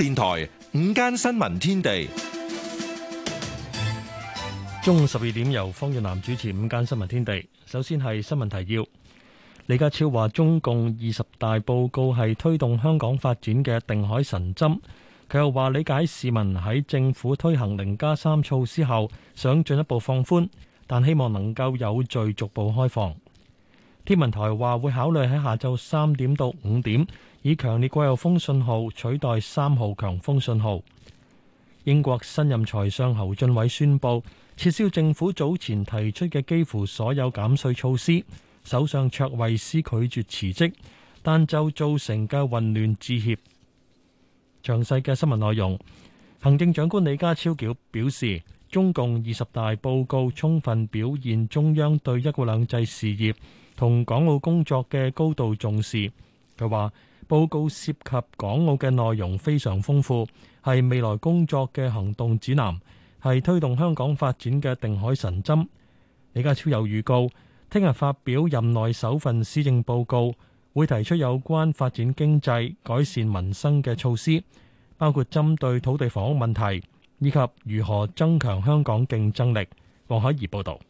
電台午間新聞天地，中午十二點由方俊南主持午間新聞天地。首先係新聞提要。李家超話中共二十大報告係推動香港發展嘅定海神針。佢又話理解市民喺政府推行零加三措施後，想進一步放寬，但希望能夠有序逐步開放。天文台話會考慮喺下晝三點到五點。以強烈季候風信號取代三號強風信號。英國新任財相侯俊偉宣布撤銷政府早前提出嘅幾乎所有減稅措施。首相卓慧思拒絕辭職，但就造成嘅混亂致歉。詳細嘅新聞內容，行政長官李家超表示，中共二十大報告充分表現中央對一國兩制事業同港澳工作嘅高度重視。佢話。報告涉及港澳嘅內容非常豐富，係未來工作嘅行動指南，係推動香港發展嘅定海神針。李家超有預告，聽日發表任內首份施政報告，會提出有關發展經濟、改善民生嘅措施，包括針對土地房屋問題以及如何增強香港競爭力。王海怡報道。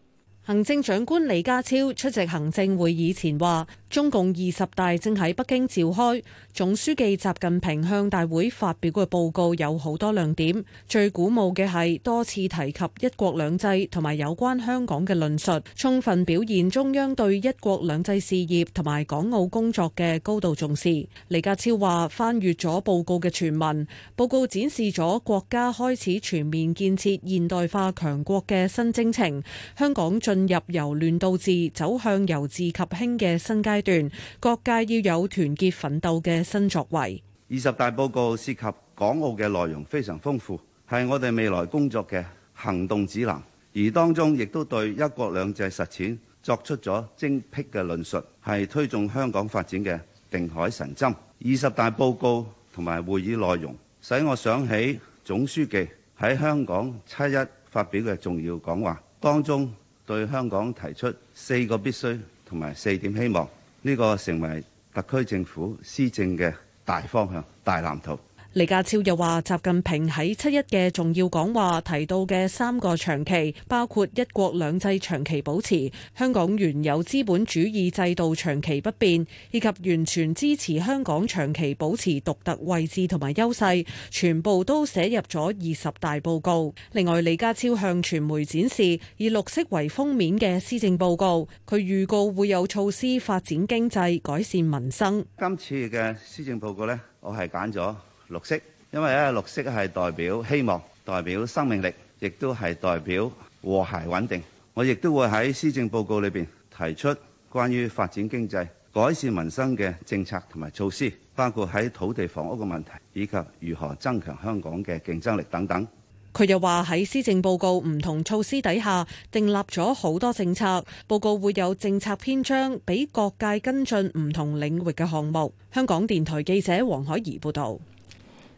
行政長官李家超出席行政會議前話，中共二十大正喺北京召開，總書記習近平向大會發表嘅報告有好多亮點，最鼓舞嘅係多次提及一國兩制同埋有關香港嘅論述，充分表現中央對一國兩制事業同埋港澳工作嘅高度重視。李家超話，翻閱咗報告嘅全文，報告展示咗國家開始全面建設現代化強國嘅新征程，香港進進入由亂到治，走向由治及興嘅新階段，各界要有團結奮鬥嘅新作為。二十大報告涉及港澳嘅內容非常豐富，係我哋未來工作嘅行動指南，而當中亦都對一國兩制實踐作出咗精闢嘅論述，係推動香港發展嘅定海神針。二十大報告同埋會議內容，使我想起總書記喺香港七一發表嘅重要講話當中。對香港提出四個必須同埋四點希望，呢個成為特區政府施政嘅大方向、大藍圖。李家超又話：習近平喺七一嘅重要講話提到嘅三個長期，包括一國兩制長期保持、香港原有資本主義制度長期不變，以及完全支持香港長期保持獨特位置同埋優勢，全部都寫入咗二十大報告。另外，李家超向傳媒展示以綠色為封面嘅施政報告，佢預告會有措施發展經濟、改善民生。今次嘅施政報告呢，我係揀咗綠色，因為咧，綠色係代表希望，代表生命力，亦都係代表和諧穩定。我亦都會喺施政報告裏面提出關於發展經濟、改善民生嘅政策同埋措施，包括喺土地房屋嘅問題，以及如何增強香港嘅競爭力等等。佢又話喺施政報告唔同措施底下訂立咗好多政策，報告會有政策篇章俾各界跟進唔同領域嘅項目。香港電台記者黃海怡報導。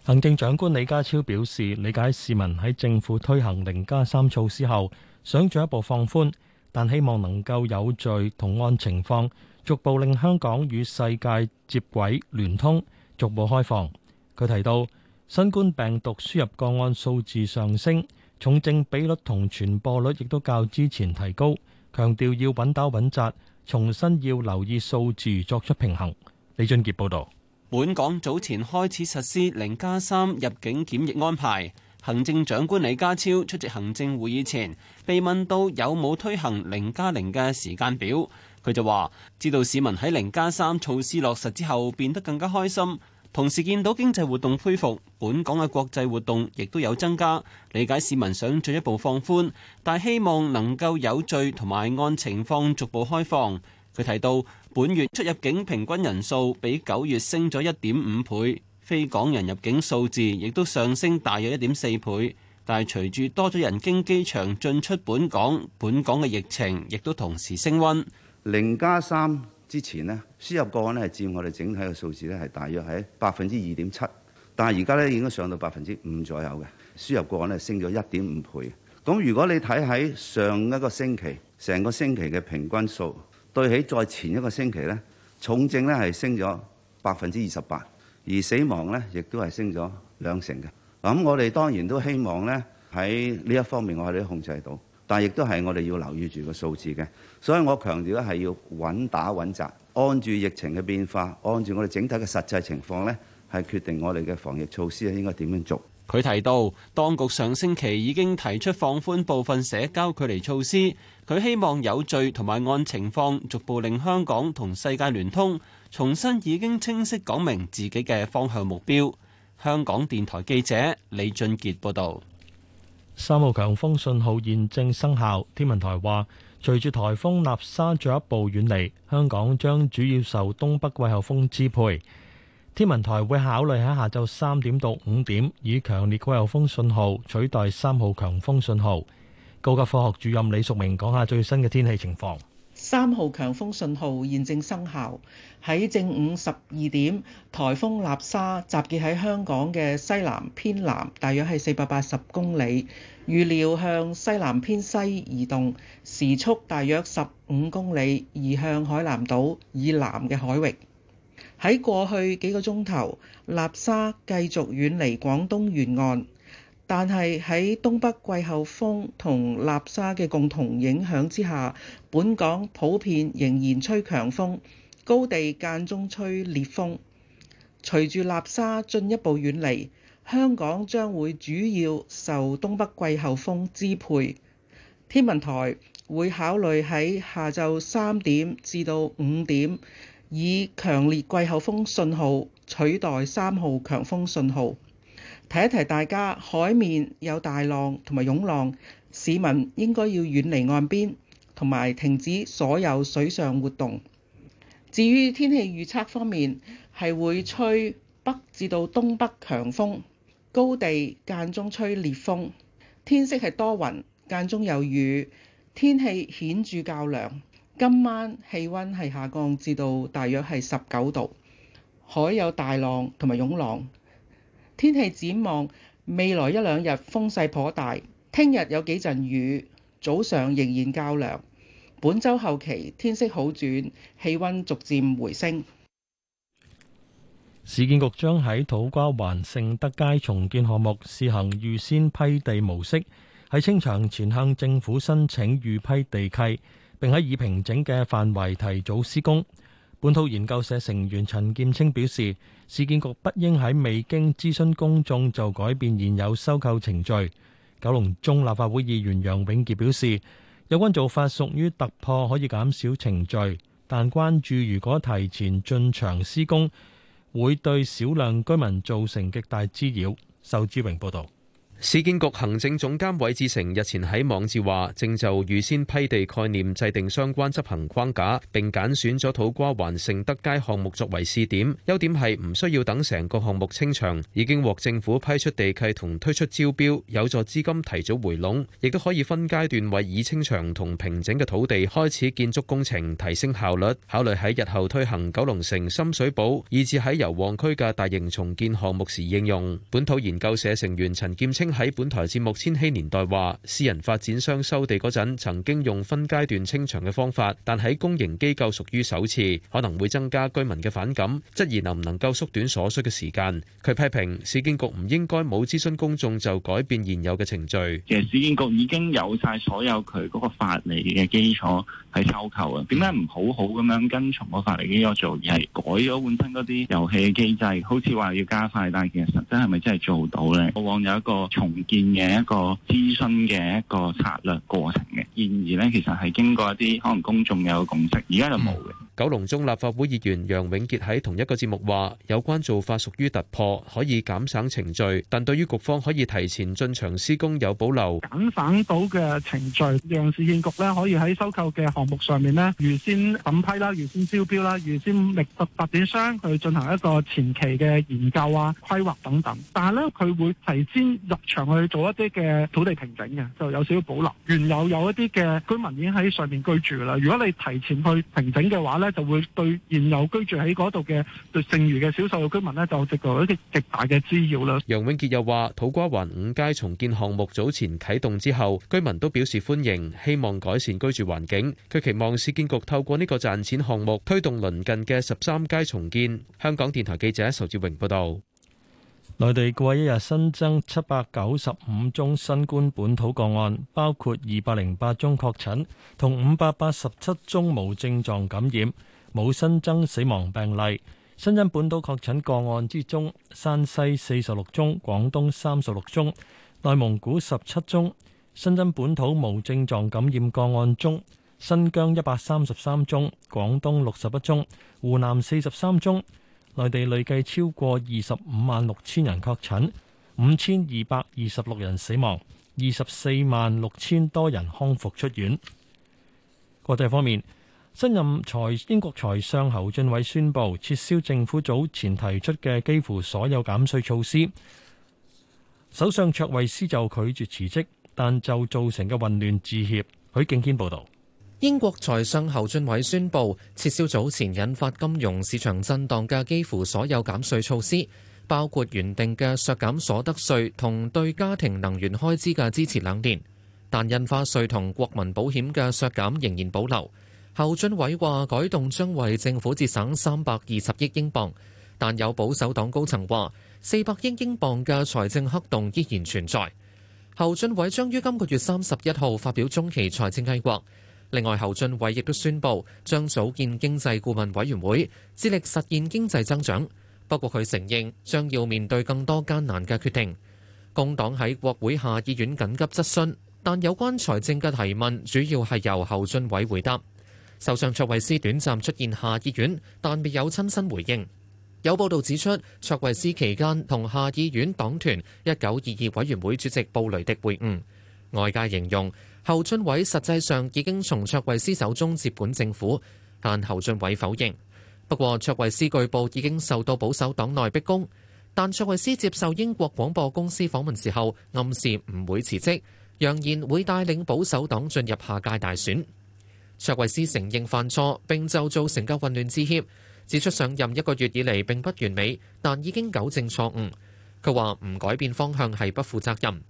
行政長官李家超表示，理解市民喺政府推行零加三措施後，想進一步放寬，但希望能夠有序同按情況，逐步令香港與世界接軌聯通，逐步開放。佢提到，新冠病毒輸入個案數字上升，重症比率同傳播率亦都較之前提高，強調要穩打穩扎，重新要留意數字作出平衡。李俊傑報導。本港早前開始實施零加三入境檢疫安排，行政長官李家超出席行政會議前被問到有冇推行零加零嘅時間表，佢就話：知道市民喺零加三措施落實之後變得更加開心，同時見到經濟活動恢復，本港嘅國際活動亦都有增加，理解市民想進一步放寬，但希望能夠有序同埋按情況逐步開放。佢提到：本月出入境平均人數比九月升咗一點五倍，非港人入境數字亦都上升大約一點四倍。但係隨住多咗人經機場進出本港，本港嘅疫情亦都同時升溫。零加三之前咧，輸入個案咧係佔我哋整體嘅數字咧係大約喺百分之二點七，但係而家呢，已經上到百分之五左右嘅輸入個案咧升咗一點五倍。咁如果你睇喺上一個星期，成個星期嘅平均數。對起再前一個星期呢，重症呢係升咗百分之二十八，而死亡呢亦都係升咗兩成嘅。咁我哋當然都希望呢，喺呢一方面我哋都控制到，但亦都係我哋要留意住個數字嘅。所以我強調咧係要穩打穩扎，按住疫情嘅變化，按住我哋整體嘅實際情況呢，係決定我哋嘅防疫措施應該點樣做。佢提到，當局上星期已經提出放寬部分社交距離措施，佢希望有序同埋按情況逐步令香港同世界聯通，重新已經清晰講明自己嘅方向目標。香港電台記者李俊傑報道。三號強風信號現正生效，天文台話，隨住颱風納沙進一步遠離，香港將主要受東北季候風支配。天文台會考慮喺下晝三點到五點以強烈季候風信號取代三號強風信號。高級科學主任李淑明講下最新嘅天氣情況。三號強風信號現正生效，喺正午十二點，颱風納沙集結喺香港嘅西南偏南，大約係四百八十公里，預料向西南偏西移動，時速大約十五公里，移向海南島以南嘅海域。喺過去幾個鐘頭，樺加沙繼續遠離廣東沿岸，但係喺東北季候風同樺加沙嘅共同影響之下，本港普遍仍然吹強風，高地間中吹烈風。隨住樺加沙進一步遠離，香港將會主要受東北季候風支配。天文台會考慮喺下晝三點至到五點，以強烈季候風信號取代三號強風信號，提一提大家，海面有大浪同埋湧浪，市民應該要遠離岸邊，同埋停止所有水上活動。至於天氣預測方面，係會吹北至到東北強風，高地間中吹烈風，天色係多雲，間中有雨，天氣顯著較涼。今晚氣溫係下降至到大約係十九度，海有大浪同埋湧浪。天氣展望未來一兩日風勢頗大，聽日有幾陣雨，早上仍然較涼。本周後期天色好轉，氣溫逐漸回升。市建局將喺土瓜灣盛德街重建項目試行預先批地模式，喺清場前向政府申請預批地契。並喺已平整嘅範圍提早施工。本土研究社成員陳劍青表示，市建局不應喺未經諮詢公眾就改變現有收購程序。九龍中立法會議員楊永傑表示，有關做法屬於突破，可以減少程序，但關注如果提前進場施工，會對少量居民造成極大滋擾。仇志榮報道。市建局行政總監韋志成日前喺網誌話，正就預先批地概念制定相關執行框架，並揀選咗土瓜灣盛德街項目作為試點。優點係唔需要等成個項目清場，已經獲政府批出地契同推出招標，有助資金提早回籠，亦都可以分階段為已清場同平整嘅土地開始建築工程，提升效率，考慮喺日後推行九龍城深水埗，以至喺油旺區嘅大型重建項目時應用。本土研究社成員陳劍清。喺本台節目《千禧年代》話，私人發展商收地嗰陣，曾經用分階段清場嘅方法，但喺公營機構屬於首次，可能會增加居民嘅反感，質疑能唔能夠縮短所需嘅時間。佢批評市建局唔應該冇諮詢公眾就改變現有嘅程序。其實市建局已經有晒所有佢嗰個法例嘅基礎係收購呀，點解唔好好咁樣跟從個法例依樣做，而係改咗換親嗰啲遊戲嘅機制？好似話要加快，但係其實真係咪真係做到呢？過往有一個。重建嘅一個諮詢嘅一個策略過程嘅，然而咧其實係經過一啲可能公眾有個共識，而家就冇嘅。九龍中立法會議員楊永杰喺同一個節目話：有關做法屬於突破，可以減省程序，但對於局方可以提前進場施工有保留。減省到嘅程序，讓市建局咧可以喺收購嘅項目上面咧預先審批啦、預先招標啦、預先覓到發展商去進行一個前期嘅研究啊、規劃等等。但係咧佢會提前入場去做一啲嘅土地平整嘅，就有少少保留。原有有一啲嘅居民已經喺上面居住啦。如果你提前去平整嘅話，咧就會對現有居住喺嗰度嘅對剩餘嘅少數嘅居民咧，就藉助一啲極大嘅滋擾啦。楊永傑又話：土瓜灣五街重建項目早前啟動之後，居民都表示歡迎，希望改善居住環境。佢期望市建局透過呢個賺錢項目，推動鄰近嘅十三街重建。香港電台記者仇志榮報道。內地過去一日新增七百九十五宗新冠本土個案，包括二百零八宗確診，同五百八十七宗無症狀感染，冇新增死亡病例。新增本土確診個案之中，山西四十六宗，廣東三十六宗，內蒙古十七宗。新增本土無症狀感染個案中，新疆一百三十三宗，廣東六十一宗，湖南四十三宗。內地累計超過二十五萬六千人確診，五千二百二十六人死亡，二十四萬六千多人康復出院。國際方面，新任財英國財相侯俊偉宣布撤銷政府早前提出嘅幾乎所有減稅措施。首相卓慧思就拒絕辭職，但就造成嘅混亂致歉。許敬軒報導。英國財相侯俊偉宣布撤銷早前引發金融市場震盪嘅幾乎所有減稅措施，包括原定嘅削減所得稅同對家庭能源開支嘅支持兩年，但印花稅同國民保險嘅削減仍然保留。侯俊偉話：改動將為政府節省三百二十億英鎊，但有保守黨高層話四百億英鎊嘅財政黑洞依然存在。侯俊偉將於今個月三十一號發表中期財政計劃。另外，侯俊偉亦都宣布將組建經濟顧問委員會，致力實現經濟增長。不過，佢承認將要面對更多艱難嘅決定。工黨喺國會下議院緊急質詢，但有關財政嘅提問主要係由侯俊偉回答。首相卓慧思短暫出現下議院，但未有親身回應。有報道指出，卓慧思期間同下議院黨團一九二二委員會主席布雷迪會晤。外界形容。侯俊偉實際上已經從卓慧斯手中接管政府，但侯俊偉否認。不過，卓慧斯據報已經受到保守黨內逼宮，但卓慧斯接受英國廣播公司訪問時候，暗示唔會辭職，揚言會帶領保守黨進入下屆大選。卓慧斯承認犯錯，並就造成嘅混亂致歉，指出上任一個月以嚟並不完美，但已經糾正錯誤。佢話唔改變方向係不負責任。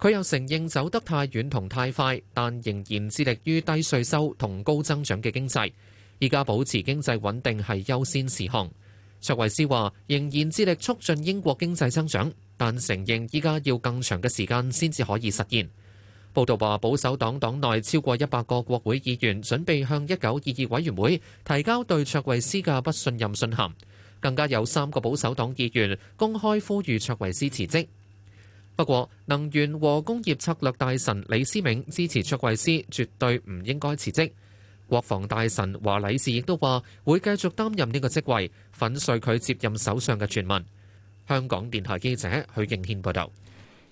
佢又承認走得太遠同太快，但仍然致力於低稅收同高增長嘅經濟。依家保持經濟穩定係優先事項。卓維斯話仍然致力促進英國經濟增長，但承認依家要更長嘅時間先至可以實現。報道話保守黨黨內超過一百個國會議員準備向一九二二委員會提交對卓維斯嘅不信任信函，更加有三個保守黨議員公開呼籲卓維斯辭職。不過，能源和工業策略大臣李思銘支持卓慧斯，絕對唔應該辭職。國防大臣華禮士亦都話會繼續擔任呢個職位，粉碎佢接任首相嘅傳聞。香港電台記者許敬軒報導，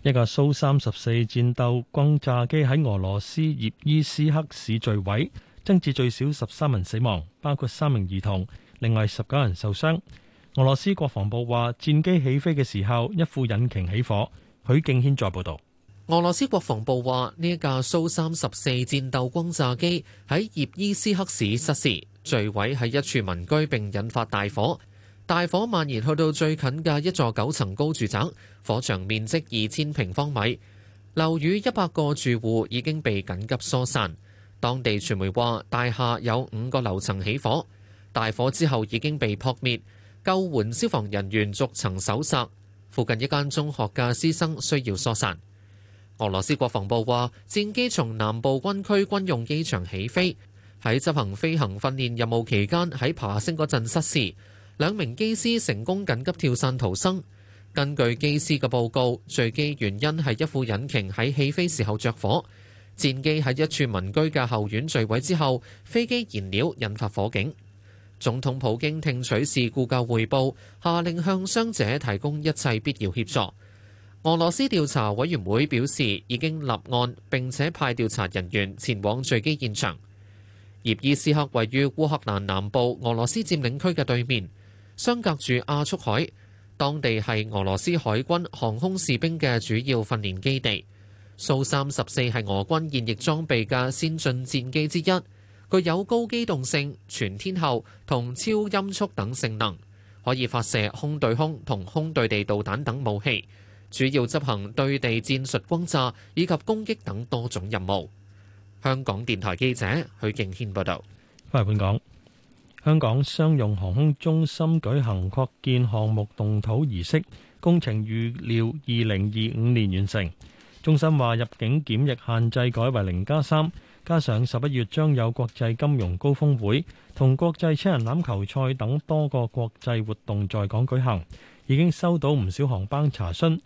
一架蘇三十四戰鬥轟炸機喺俄羅斯葉伊斯克市墜毀，增至最少十三人死亡，包括三名兒童，另外十九人受傷。俄羅斯國防部話戰機起飛嘅時候，一副引擎起火。許敬軒再報道，俄羅斯國防部話呢一架蘇三十四戰鬥轟炸機喺葉伊斯克市失事，墜毀喺一處民居，並引發大火。大火蔓延去到最近嘅一座九層高住宅，火場面積二千平方米，樓宇一百個住戶已經被緊急疏散。當地傳媒話大廈有五個樓層起火，大火之後已經被撲滅，救援消防人員逐層搜索。附近一間中學嘅師生需要疏散。俄羅斯國防部話，戰機從南部軍區軍用機場起飛，喺執行飛行訓練任務期間喺爬升嗰陣失事，兩名機師成功緊急跳傘逃生。根據機師嘅報告，墜機原因係一副引擎喺起飛時候着火，戰機喺一處民居嘅後院墜毀之後，飛機燃料引發火警。總統普京聽取事故嘅彙報，下令向傷者提供一切必要協助。俄羅斯調查委員會表示已經立案，並且派調查人員前往墜機現場。葉伊斯克位於烏克蘭南部俄羅斯佔領區嘅對面，相隔住亞速海，當地係俄羅斯海軍航空士兵嘅主要訓練基地。蘇三十四係俄軍現役裝備嘅先進戰機之一。具有高機動性、全天候同超音速等性能，可以發射空對空同空對地導彈等武器，主要執行對地戰術轟炸以及攻擊等多種任務。香港電台記者許敬軒報道。翻嚟本港，香港商用航空中心舉行擴建項目動土儀式，工程預料二零二五年完成。中心話入境檢疫限制改為零加三。加上十一月將有國際金融高峯會同國際七人欖球賽等多個國際活動在港舉行，已經收到唔少航班查詢。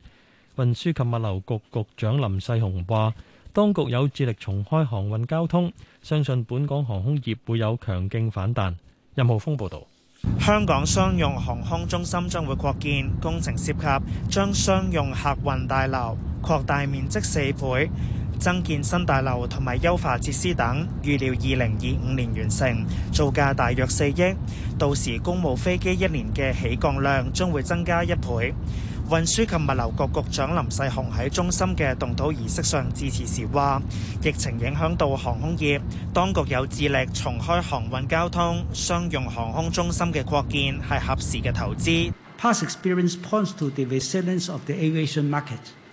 運輸及物流局局長林世雄話，當局有致力重開航運交通，相信本港航空業會有強勁反彈。任浩峯報導。香港商用航空中心將會擴建，工程涉及將商用客運大樓擴大面積四倍。增建新大樓同埋優化設施等，預料二零二五年完成，造價大約四億。到時公務飛機一年嘅起降量將會增加一倍。運輸及物流局局長林世雄喺中心嘅動土儀式上致辭時話：疫情影響到航空業，當局有致力重開航運交通，商用航空中心嘅擴建係合時嘅投資。Past experience points to the resilience of the aviation market.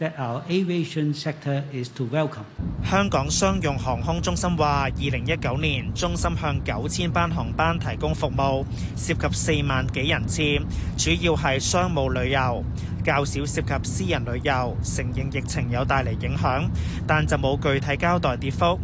That our aviation sector is to welcome. 香港商用航空中心話，二零一九年中心向九千班航班提供服務，涉及四萬幾人次，主要係商務旅遊，較少涉及私人旅遊。承認疫情有帶嚟影響，但就冇具體交代跌幅。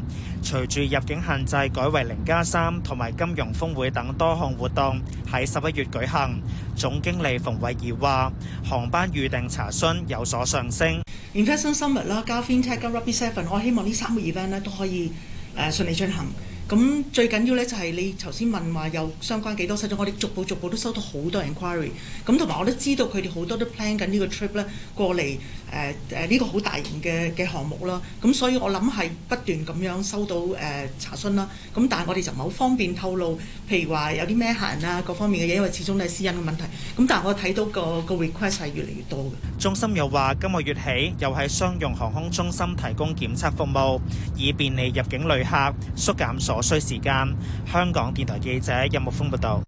隨住入境限制改為零加三，同埋金融峰會等多項活動喺十一月舉行。總經理馮惠儀話，航班預訂查詢有所上升。Investment Summit 啦、加 FinTech 跟 Rapid Seven，我希望呢三個 event 都可以、uh, 順利進行。咁最緊要咧就係你頭先問話有相關幾多失蹤，我哋逐步逐步都收到好多 inquiry，咁同埋我都知道佢哋好多都 plan 緊呢個 trip 咧，過嚟誒誒呢個好大型嘅嘅項目啦，咁所以我諗係不斷咁樣收到誒、呃、查詢啦，咁但係我哋就唔係好方便透露，譬如話有啲咩客人啊各方面嘅嘢，因為始終都係私隱嘅問題，咁但係我睇到個個 request 係越嚟越多嘅。中心又話今個月起又喺商用航空中心提供檢測服務，以便利入境旅客縮減所需時間。香港電台記者任木峰報道：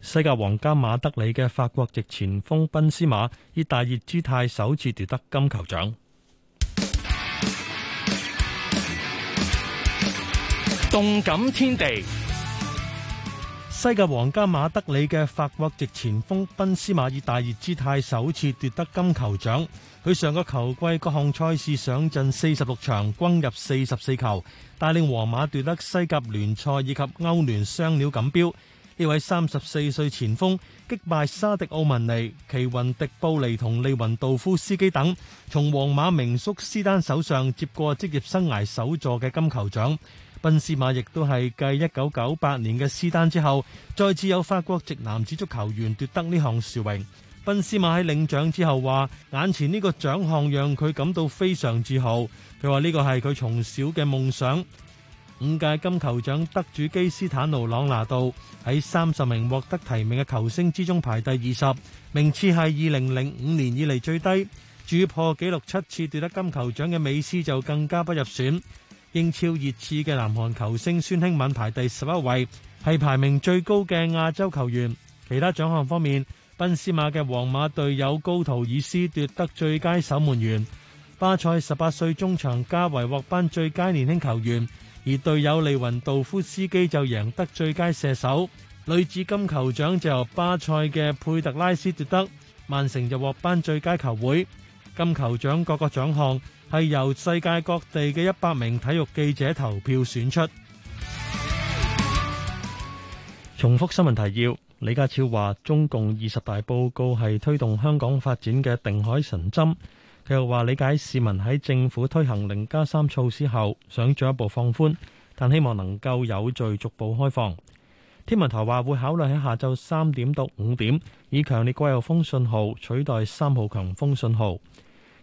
西甲皇家馬德里嘅法國籍前鋒賓斯馬以大熱姿態首次奪得金球獎。動感天地。西甲皇家馬德里嘅法國籍前鋒賓斯馬爾大熱姿態首次奪得金球獎。佢上個球季各項賽事上陣46場，轟入44球，帶領皇馬奪得西甲聯賽以及歐聯雙料錦標。呢位34歲前鋒擊敗沙迪奧文尼、奇雲迪布尼同利雲道夫斯基等，從皇馬名宿斯丹手上接過職業生涯首座嘅金球獎。賓斯馬亦都係繼一九九八年嘅斯丹之後，再次有法國籍男子足球員奪得呢項殊榮。賓斯馬喺領獎之後話：眼前呢個獎項讓佢感到非常自豪。佢話呢個係佢從小嘅夢想。五屆金球獎得主基斯坦奴朗拿度喺三十名獲得提名嘅球星之中排第二十，名次係二零零五年以嚟，最低，至於破紀錄七次奪得金球獎嘅美斯就更加不入選。英超熱刺嘅南韓球星孫興敏排第十一位，係排名最高嘅亞洲球員。其他獎項方面，賓斯馬嘅皇馬隊友高圖爾斯奪得最佳守門員，巴塞十八歲中場加維獲頒最佳年輕球員，而隊友利雲道夫斯基就贏得最佳射手。女子金球獎就由巴塞嘅佩特拉斯奪得，曼城就獲頒最佳球會金球獎。各個獎項係由世界各地嘅一百名體育記者投票選出。重複新聞提要。李家超話，中共二十大報告係推動香港發展嘅定海神針。佢又話理解市民喺政府推行零加三措施後，想進一步放寬，但希望能夠有序逐步開放。天文台話會考慮喺下晝三點到五點，以強烈季候風信號取代三號強風信號。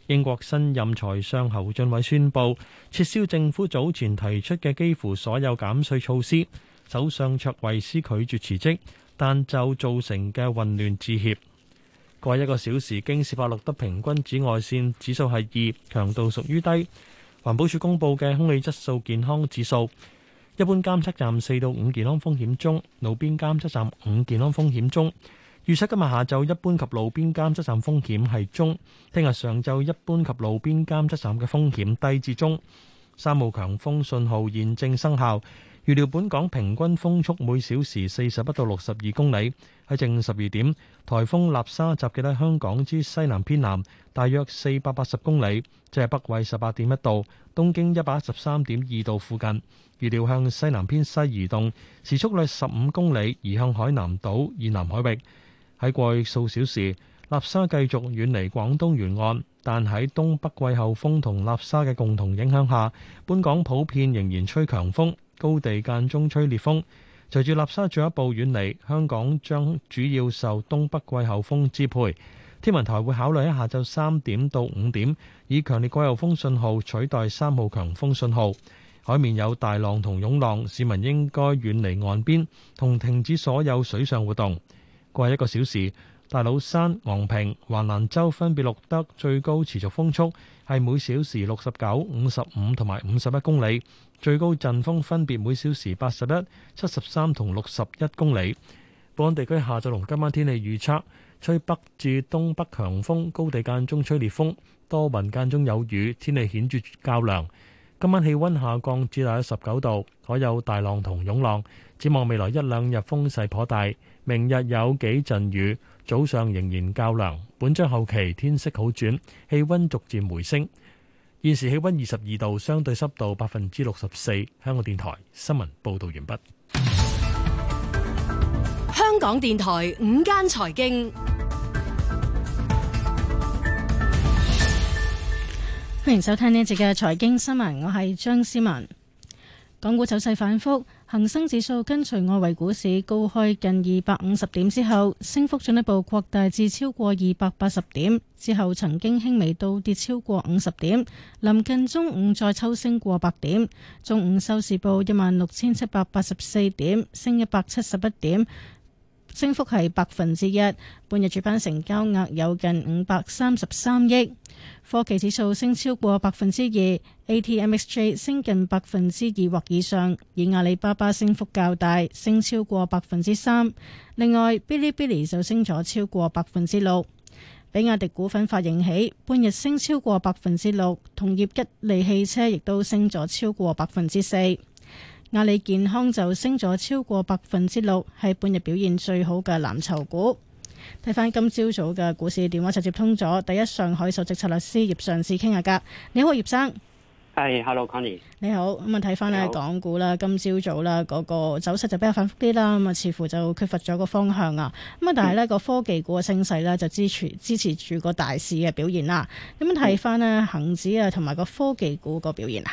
英國新任財相侯俊偉宣布撤銷政府早前提出嘅幾乎所有減稅措施。首相卓慧思拒絕辭職，但就造成嘅混亂致歉。過一個小時，京士柏錄得平均紫外線指數係二，強度屬於低。環保署公佈嘅空氣質素健康指數，一般監測站四到五健康風險中，路邊監測站五健康風險中。預測今日下晝一般及路邊監測站風險係中，聽日上晝一般及路邊監測站嘅風險低至中。三號強風信號現正生效。預料本港平均風速每小時四十一到六十二公里，喺正午十二點，颱風納沙集結喺香港之西南偏南，大約四百八十公里，即係北緯十八點一度，東經一百一十三點二度附近。預料向西南偏西移動，時速約十五公里，移向海南島以南海域。喺過去數小時，納沙繼續遠離廣東沿岸，但喺東北季候風同納沙嘅共同影響下，本港普遍仍然吹強風，高地間中吹烈風。隨住納沙進一步遠離，香港將主要受東北季候風支配。天文台會考慮喺下晝三點到五點，以強烈季候風信號取代三號強風信號。海面有大浪同湧浪，市民應該遠離岸邊同停止所有水上活動。過去一個小時，大老山、昂坪、橫瀾州分別錄得最高持續風速係每小時六十九、五十五同埋五十一公里，最高陣風分別每小時八十一、七十三同六十一公里。本港地區下晝同今晚天氣預測吹北至東北強風，高地間中吹烈風，多雲間中有雨，天氣顯著較涼。今晚氣温下降至大約十九度，可有大浪同湧浪。展望未來一兩日風勢頗大。明日有幾陣雨，早上仍然較涼。本週後期天色好轉，氣溫逐漸回升。現時氣溫二十二度，相對濕度百分之六十四。香港電台新聞報道完畢。香港電台午間財經，歡迎收聽呢一節嘅財經新聞，我係張思文。港股走勢反覆，恆生指數跟隨外圍股市高開近二百五十點之後，升幅進一步擴大至超過二百八十點，之後曾經輕微倒跌超過五十點，臨近中午再抽升過百點。中午收市報一萬六千七百八十四點，升一百七十一點。升幅係百分之一，半日主板成交額有近五百三十三億。科技指數升超過百分之二，ATMXJ 升近百分之二或以上。而阿里巴巴升幅較大，升超過百分之三。另外，嗶哩嗶哩就升咗超過百分之六。比亞迪股份發型起，半日升超過百分之六，同業吉利汽車亦都升咗超過百分之四。阿里健康就升咗超過百分之六，係半日表現最好嘅藍籌股。睇翻今朝早嘅股市電話就接通咗第一上海首席策略師葉尚志傾下偈。你好，葉生。係，hello Connie。你好。咁啊，睇翻呢港股啦，今朝早啦，嗰個走勢就比較反覆啲啦。咁啊，似乎就缺乏咗個方向啊。咁啊，但係呢個科技股嘅升勢呢，就支持支持住個大市嘅表現啦。咁樣睇翻呢恒指啊，同埋個科技股個表現啊。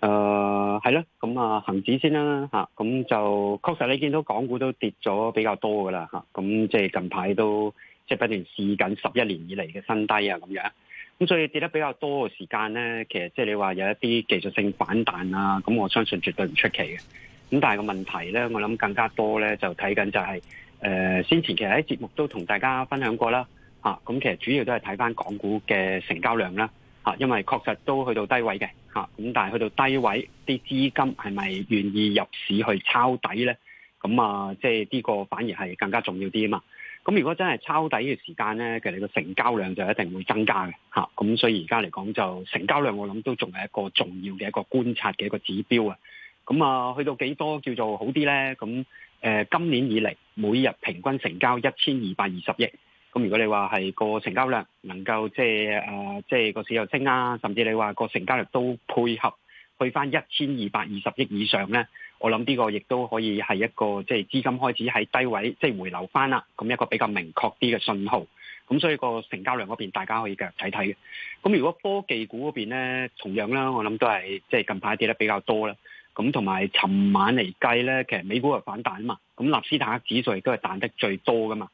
誒、呃，係啦，咁、嗯、啊，恒指先啦，吓，咁就確實你見到港股都跌咗比較多噶啦，吓、啊，咁即係近排都即係、就是、不斷試緊十一年以嚟嘅新低啊，咁、啊、樣，咁所以跌得比較多嘅時間咧，其實即係你話有一啲技術性反彈啊，咁我相信絕對唔出奇嘅，咁、啊、但係個問題咧，我諗更加多咧就睇緊就係、是，誒、呃，先前其實喺節目都同大家分享過啦，吓、啊，咁、啊啊、其實主要都係睇返港股嘅成交量啦。因為確實都去到低位嘅嚇，咁但係去到低位，啲資金係咪願意入市去抄底咧？咁啊，即係呢個反而係更加重要啲啊嘛。咁如果真係抄底嘅時間咧，其實你個成交量就一定會增加嘅嚇。咁所以而家嚟講，就成交量我諗都仲係一個重要嘅一個觀察嘅一個指標啊。咁啊，去到幾多叫做好啲咧？咁誒、呃，今年以嚟每日平均成交一千二百二十億。咁如果你話係個成交量能夠即係誒，即係個市又升啦，甚至你話個成交量都配合去翻一千二百二十億以上咧，我諗呢個亦都可以係一個即係資金開始喺低位即係回流翻啦，咁一個比較明確啲嘅信號。咁所以個成交量嗰邊大家可以繼續睇睇嘅。咁如果科技股嗰邊咧，同樣啦，我諗都係即係近排跌得比較多啦。咁同埋尋晚嚟計咧，其實美股係反彈啊嘛，咁納斯達克指數亦都係彈得最多噶嘛。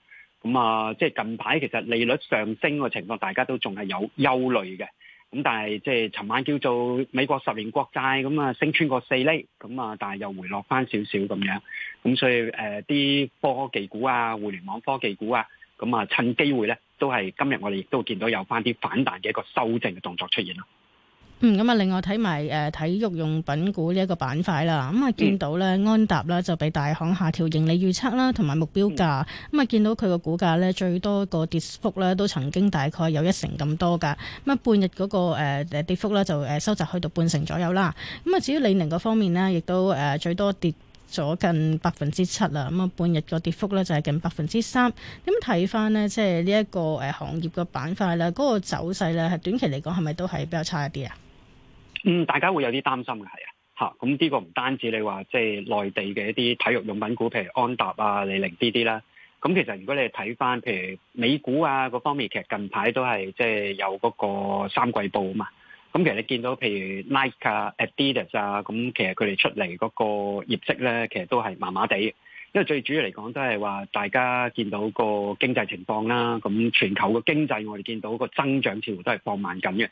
咁啊，即係近排其實利率上升嘅情況，大家都仲係有憂慮嘅。咁但係即係尋晚叫做美國十年國債咁啊，升穿個四厘，咁啊，但係又回落翻少少咁樣。咁所以誒，啲科技股啊，互聯網科技股啊，咁啊，趁機會咧，都係今日我哋亦都見到有翻啲反彈嘅一個修正嘅動作出現咯。嗯，咁啊，另外睇埋誒體育用品股呢一個板塊啦，咁、嗯、啊，見到咧安踏啦就被大行下調盈利預測啦，同埋目標價。咁、嗯、啊、嗯嗯，見到佢個股價呢，最多個跌幅呢都曾經大概有一成咁多噶。咁、嗯、啊，半日嗰、那個、呃、跌幅呢，就誒收窄去到半成左右啦。咁、嗯、啊，至於李寧嗰方面呢，亦都誒、呃、最多跌咗近百分之七啦。咁啊，半日個跌幅呢，就係、是、近百分之三。咁睇翻呢，即係呢一個誒、呃、行業嘅板塊呢，嗰、那個走勢呢，係短期嚟講係咪都係比較差一啲啊？嗯，大家會有啲擔心嘅係啊，吓，咁呢個唔單止你話即係內地嘅一啲體育用品股，譬如安踏啊、李寧啲啲啦。咁其實如果你睇翻，譬如美股啊嗰方面，其實近排都係即係有嗰個三季報啊嘛。咁其實你見到譬如 Nike 啊、Adidas 啊，咁其實佢哋出嚟嗰個業績咧，其實都係麻麻地。因為最主要嚟講都係話，大家見到個經濟情況啦、啊，咁全球嘅經濟我哋見到個增長似乎都係放慢緊嘅。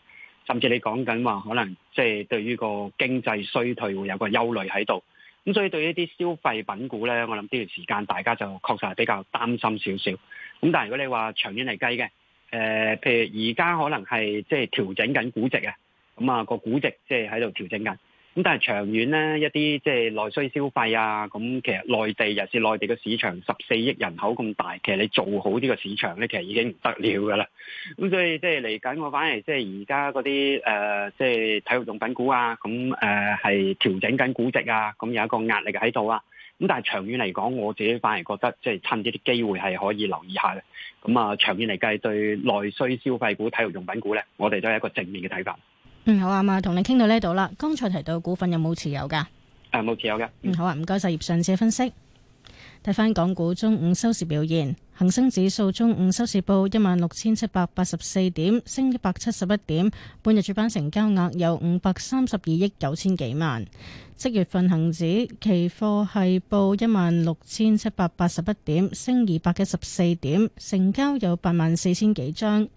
甚至你講緊話，可能即係對於個經濟衰退會有個憂慮喺度，咁所以對於一啲消費品股咧，我諗呢段時間大家就確實係比較擔心少少。咁但係如果你話長遠嚟計嘅，誒、呃，譬如而家可能係即係調整緊估值啊，咁啊個估值即係喺度調整緊。咁但係長遠咧，一啲即係內需消費啊，咁其實內地尤其是內地嘅市場十四億人口咁大，其實你做好呢個市場咧，其實已經唔得了噶啦。咁所以即係嚟緊，我反而即係而家嗰啲誒即係體育用品股啊，咁誒係調整緊估值啊，咁有一個壓力喺度啊。咁但係長遠嚟講，我自己反而覺得即係趁呢啲機會係可以留意下嘅。咁啊，長遠嚟計對內需消費股、體育用品股咧，我哋都係一個正面嘅睇法。嗯，好啊嘛，同你傾到呢度啦。剛才提到股份有冇持有噶？誒、啊，冇持有㗎。嗯，好啊，唔該晒葉尚志分析。睇翻港股中午收市表現，恒生指數中午收市報一萬六千七百八十四點，升一百七十一點。半日主板成交額有五百三十二億九千幾萬。七月份恒指期貨係報一萬六千七百八十一點，升二百一十四點，成交有八萬四千幾張。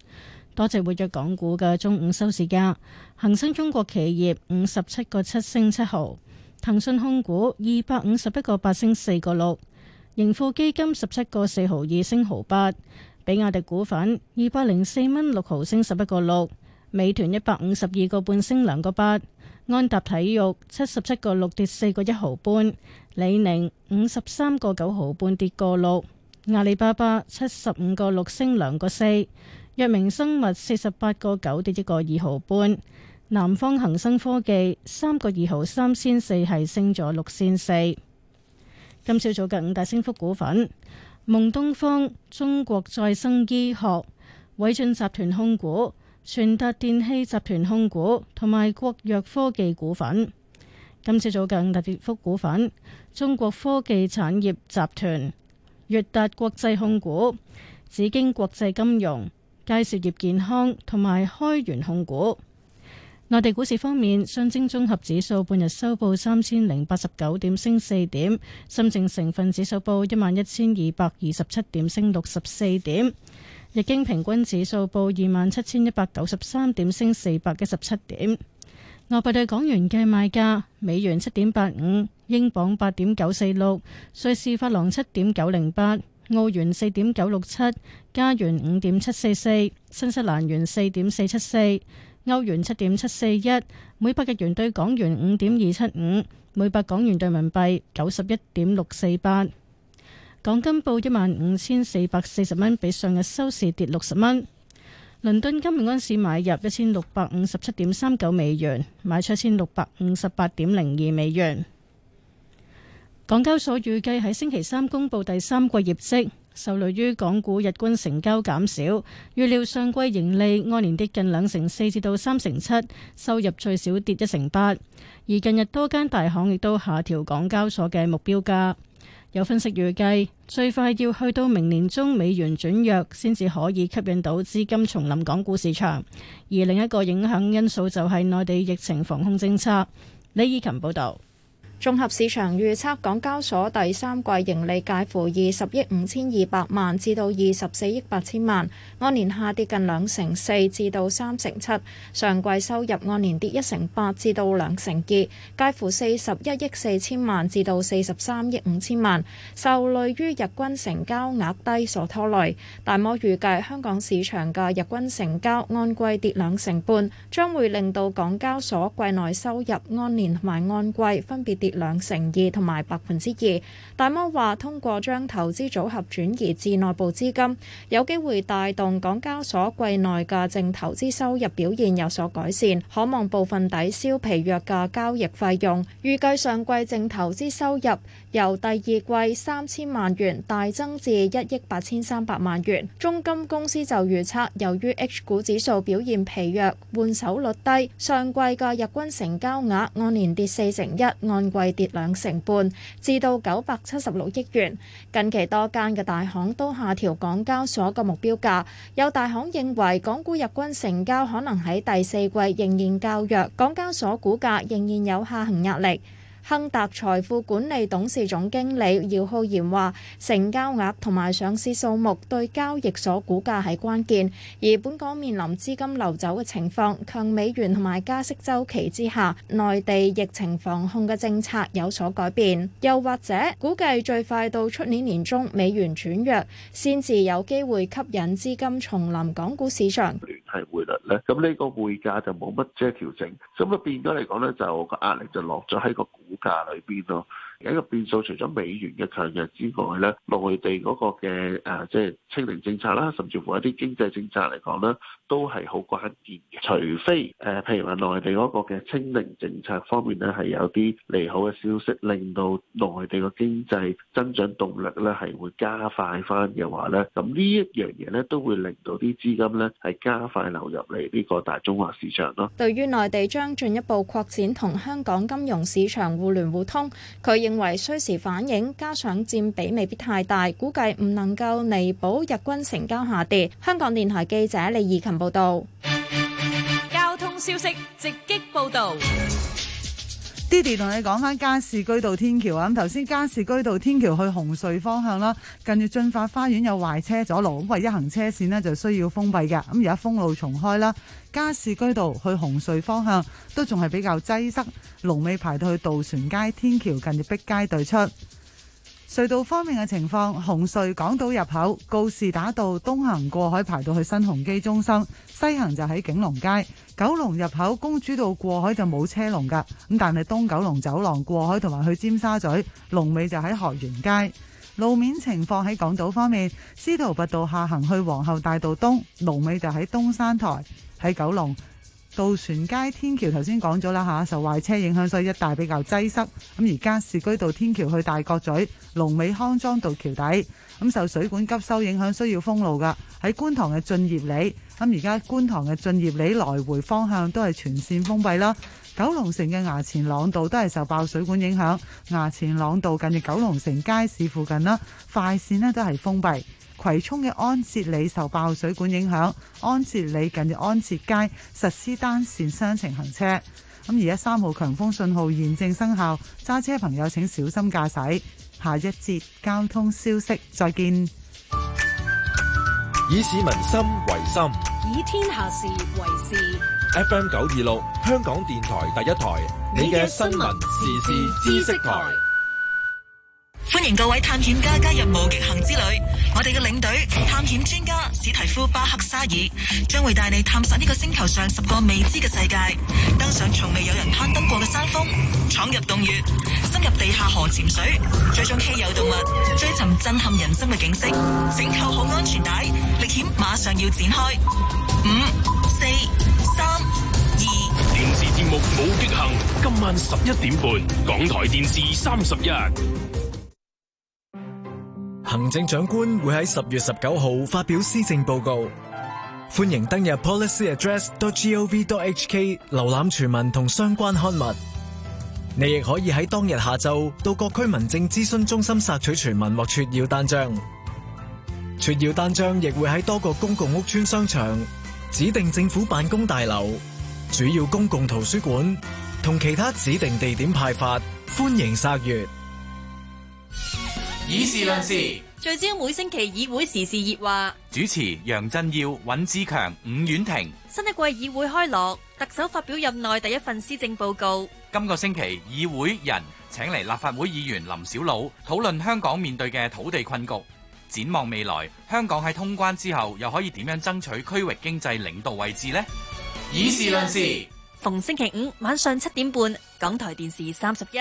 多隻活躍港股嘅中午收市價，恒生中國企業五十七個七升七毫，騰訊控股二百五十一個八升四個六，盈富基金十七個四毫二升毫八，比亞迪股份二百零四蚊六毫升十一個六，美團一百五十二個半升兩個八，安踏體育七十七個六跌四個一毫半，李寧五十三個九毫半跌個六，阿里巴巴七十五個六升兩個四。藥明生物四十八個九跌一個二毫半，南方恒生科技三個二毫三千四係升咗六仙四。今朝早嘅五大升幅股份：夢東方、中國再生醫學、偉俊集團控股、傳達電器集團控股同埋國藥科技股份。今朝早嘅五大跌幅股份：中國科技產業集團、越達國際控股、紫荊國際金融。介紹業健康同埋開源控股。內地股市方面，上證綜合指數半日收報三千零八十九點，升四點；深證成分指數報一萬一千二百二十七點，升六十四點；日經平均指數報二萬七千一百九十三點，升四百一十七點。外幣對港元嘅賣價：美元七點八五，英鎊八點九四六，瑞士法郎七點九零八。澳元4.967，加元5.744，新西蘭元4.474，歐元7.741，每百日元兌港元5.275，每百港元兌人民幣91.648。港金報15,440蚊，比上日收市跌六十蚊。倫敦金每盎司買入1,657.39美元，賣出1,658.02美元。港交所預計喺星期三公布第三季業績，受累於港股日均成交減少，預料上季盈利按年跌近兩成四至到三成七，收入最少跌一成八。而近日多間大行亦都下調港交所嘅目標價。有分析預計，最快要去到明年中美元轉弱先至可以吸引到資金重臨港股市場。而另一個影響因素就係內地疫情防控政策。李以琴報道。綜合市場預測，港交所第三季盈利介乎二十億五千二百萬至到二十四億八千萬，按年下跌近兩成四至到三成七。上季收入按年跌一成八至到兩成二，介乎四十一億四千萬至到四十三億五千萬，受累於日均成交額低所拖累。大摩預計香港市場嘅日均成交按季跌兩成半，將會令到港交所季內收入按年同埋按季分別跌。跌兩成二同埋百分之二，大摩話通過將投資組合轉移至內部資金，有機會帶動港交所季內嘅淨投資收入表現有所改善，可望部分抵消疲弱嘅交易費用。預計上季淨投資收入由第二季三千萬元大增至一億八千三百萬元。中金公司就預測，由於 H 股指數表現疲弱、換手率低，上季嘅日均成交額按年跌四成一，按季跌兩成半，至到九百七十六億元。近期多間嘅大行都下調港交所嘅目標價，有大行認為港股日均成交可能喺第四季仍然較弱，港交所股價仍然有下行壓力。亨達財富管理董事總經理姚浩然話：成交額同埋上市數目對交易所股價係關鍵，而本港面臨資金流走嘅情況，強美元同埋加息週期之下，內地疫情防控嘅政策有所改變，又或者估計最快到出年年中美元轉弱，先至有機會吸引資金重臨港股市場。係匯率咧，咁呢個匯價就冇乜即係調整，咁啊變咗嚟講咧，就個壓力就落咗喺個股價裏邊咯。一個變數除咗美元嘅強弱之外咧，內地嗰個嘅誒，即係清零政策啦，甚至乎一啲經濟政策嚟講咧，都係好關鍵嘅。除非誒，譬如話內地嗰個嘅清零政策方面咧，係有啲利好嘅消息，令到內地個經濟增長動力咧係會加快翻嘅話咧，咁呢一樣嘢咧，都會令到啲資金咧係加快流入嚟呢個大中華市場咯。對於內地將進一步擴展同香港金融市場互聯互通，佢。認為需時反應，加上佔比未必太大，估計唔能夠彌補日均成交下跌。香港電台記者李義勤報道。交通消息直擊報道。Didi 同你講翻加士居道天橋啊！咁頭先加士居道天橋去紅隧方向啦，近住駿發花園有壞車阻路，咁唯一行車線呢就需要封閉嘅。咁而家封路重開啦，加士居道去紅隧方向都仲係比較擠塞，龍尾排到去渡船街天橋近住碧街對出。隧道方面嘅情況，紅隧港島入口告士打道東行過海排到去新鴻基中心，西行就喺景隆街；九龍入口公主道過海就冇車龍㗎，咁但係東九龍走廊過海同埋去尖沙咀龍尾就喺鶴園街。路面情況喺港島方面，司徒拔道下行去皇后大道東龍尾就喺東山台喺九龍。渡船街天橋頭先講咗啦吓，受壞車影響，所以一帶比較擠塞。咁而家士居道天橋去大角咀、龍尾康莊道橋底，咁受水管急修影響需要封路噶。喺觀塘嘅駿業里，咁而家觀塘嘅駿業里來回方向都係全線封閉啦。九龍城嘅衙前塱道都係受爆水管影響，衙前塱道近住九龍城街市附近啦，快線呢都係封閉。葵涌嘅安捷里受爆水管影響，安捷里近日安捷街實施單線雙程行車。咁而家三號強風信號現正生效，揸車朋友請小心駕駛。下一節交通消息，再見。以市民心為心，以天下事為事。FM 九二六，香港電台第一台，你嘅新聞時事知識台。歡迎各位探險家加入無極行之旅，我哋嘅領隊探險專家史提夫巴克沙爾將會帶你探索呢個星球上十個未知嘅世界，登上從未有人攀登過嘅山峰，闖入洞穴，深入地下河潛水，追蹤稀有動物，追尋震撼人心嘅景色。整扣好安全帶，歷險馬上要展開。五、四、三、二。電視節目《無極行》，今晚十一點半，港台電視三十一。行政長官會喺十月十九號發表施政報告，歡迎登入 policyaddress.gov.hk 瀏覽全文同相關刊物。你亦可以喺當日下晝到各區民政諮詢中心索取全文或撮要單張。撮要單張亦會喺多個公共屋邨、商場、指定政府辦公大樓、主要公共圖書館同其他指定地點派發，歡迎索閱。以事論事。聚焦每星期議會時事熱話，主持楊振耀、尹志強、伍婉婷。新一季議會開落，特首發表任內第一份施政報告。今個星期，議會人請嚟立法會議員林小魯討論香港面對嘅土地困局，展望未來，香港喺通關之後又可以點樣爭取區域經濟領導位置呢？以事論事，逢星期五晚上七點半，港台電視三十一。